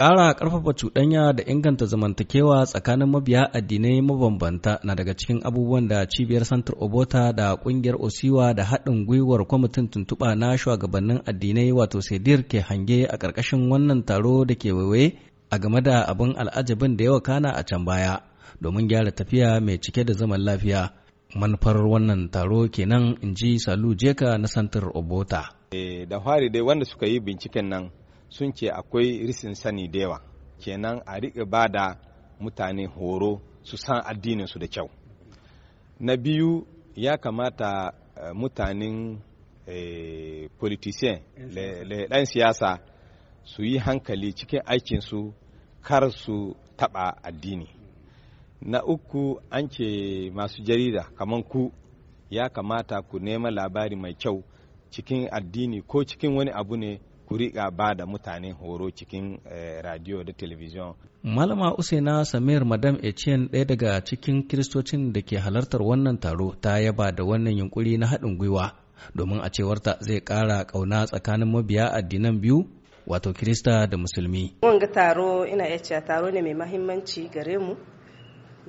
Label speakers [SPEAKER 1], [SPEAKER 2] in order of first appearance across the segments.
[SPEAKER 1] Ƙara ƙarfafa cuɗanya da inganta zamantakewa tsakanin mabiya addinai mabambanta na daga cikin abubuwan da cibiyar Santar Obota da ƙungiyar Osiwa da haɗin gwiwar kwamitin tuntuɓa na shugabannin addinai wato Sedir ke hange a ƙarƙashin wannan taro da ke waiwaye a game da abin al'ajabin da yawa kana a can baya domin gyara tafiya mai cike da zaman lafiya. Manufar wannan taro kenan in ji Salu Jeka na Santar Obota.
[SPEAKER 2] Eh, da fari dai wanda suka yi binciken nan sun ce akwai risin sani da yawa kenan a riƙe ba da mutane horo su san addininsu da kyau na biyu ya kamata eh, mutanen eh, politician ɗan siyasa su yi hankali cikin aikinsu kar su taɓa addini na uku an ce masu jarida kamar ku ya kamata ku nema labari mai kyau cikin addini ko cikin wani abu ne ku riƙa ba da mutane horo cikin eh, radio da television.
[SPEAKER 1] Malama Usaina Samir Madam Echen ɗaya daga cikin kiristocin da ke halartar wannan taro ta yaba da wannan yunkuri na haɗin gwiwa domin a cewarta zai ƙara ƙauna tsakanin mabiya addinan biyu wato Kirista da Musulmi.
[SPEAKER 3] Wanga taro ina iya cewa taro ne mai mahimmanci gare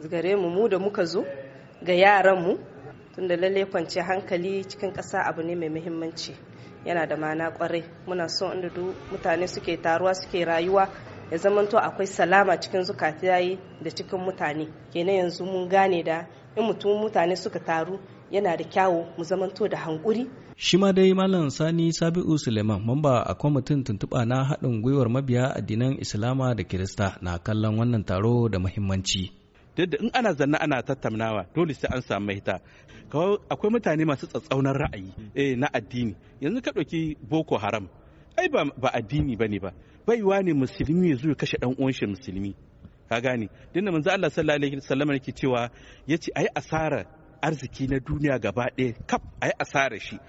[SPEAKER 3] gare mu mu da muka zo ga yaran mu tunda lalle kwance hankali cikin ƙasa abu ne mai muhimmanci yana da mana kwarai muna so inda duk mutane suke taruwa suke rayuwa ya zamanto akwai salama cikin yayi da cikin mutane kenan yanzu mun gane da in mutum mutane suka taru yana da kyawu mu zamanto da hankuri.
[SPEAKER 1] Shi ma dai Malam Sani Sabi'u Suleiman mamba a kwamitin tuntuɓa na haɗin gwiwar mabiya addinan Islama da Kirista na kallon wannan taro da muhimmanci.
[SPEAKER 4] da in ana zanna ana tattaunawa dole sai an samu mahita akwai mutane masu tsatsaunan ra'ayi eh na addini yanzu ka ɗauki boko haram ai ba addini bane ba baiwa ne musulmi ya zo ya kashe dan uwan shi musulmi ka gane da manzo Allah sallallahu alaihi wasallam yake cewa yace ayi asara arziki na duniya gaba ɗaya kaf ayi asara shi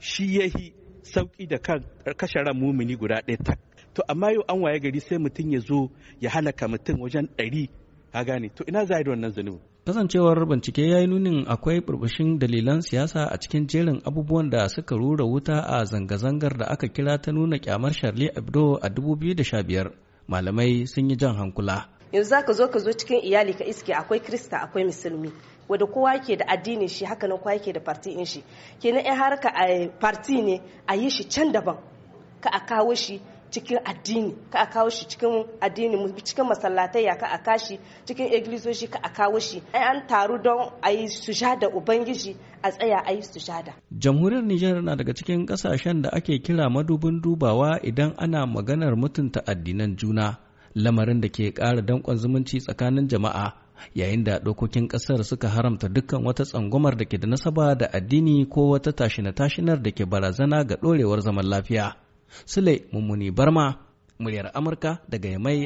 [SPEAKER 4] shi yahi sauki da kan kashe ran mumini guda ɗaya tak to amma yau an waye gari sai mutum ya zo ya halaka mutum wajen ɗari ka gane to ina zai wannan zanubin
[SPEAKER 1] kasancewar bincike ya yi nunin akwai burbushin dalilan siyasa a cikin jerin abubuwan da suka rura wuta a zanga-zangar da aka kira ta nuna kyamar Charlie Hebdo a 2015 malamai sun yi jan hankula
[SPEAKER 3] yanzu zaka zo ka zo cikin iyali ka iske akwai krista akwai musulmi wadda kowa ke da addinin shi haka nan kowa ke da parti in shi kenan ya harka a eh, parti ne a yi shi can daban ka a kawo shi cikin addini ka a kawo shi cikin addini mu. cikin masallatai ya ka a kashi cikin egilizoshi ka a kawo shi an taru don a yi sujada ubangiji a tsaya a yi sujada
[SPEAKER 1] jamhuriyar nijar na daga cikin kasashen da ake kira madubin dubawa idan ana maganar mutunta addinan juna lamarin da ke ƙara danƙon zumunci tsakanin jama'a yayin da dokokin ƙasar suka haramta dukkan wata tsangwamar da ke da nasaba da addini ko wata tashina-tashinar da ke barazana ga ɗorewar zaman lafiya. Sule Mummuni Barma, muryar Amurka daga Yamai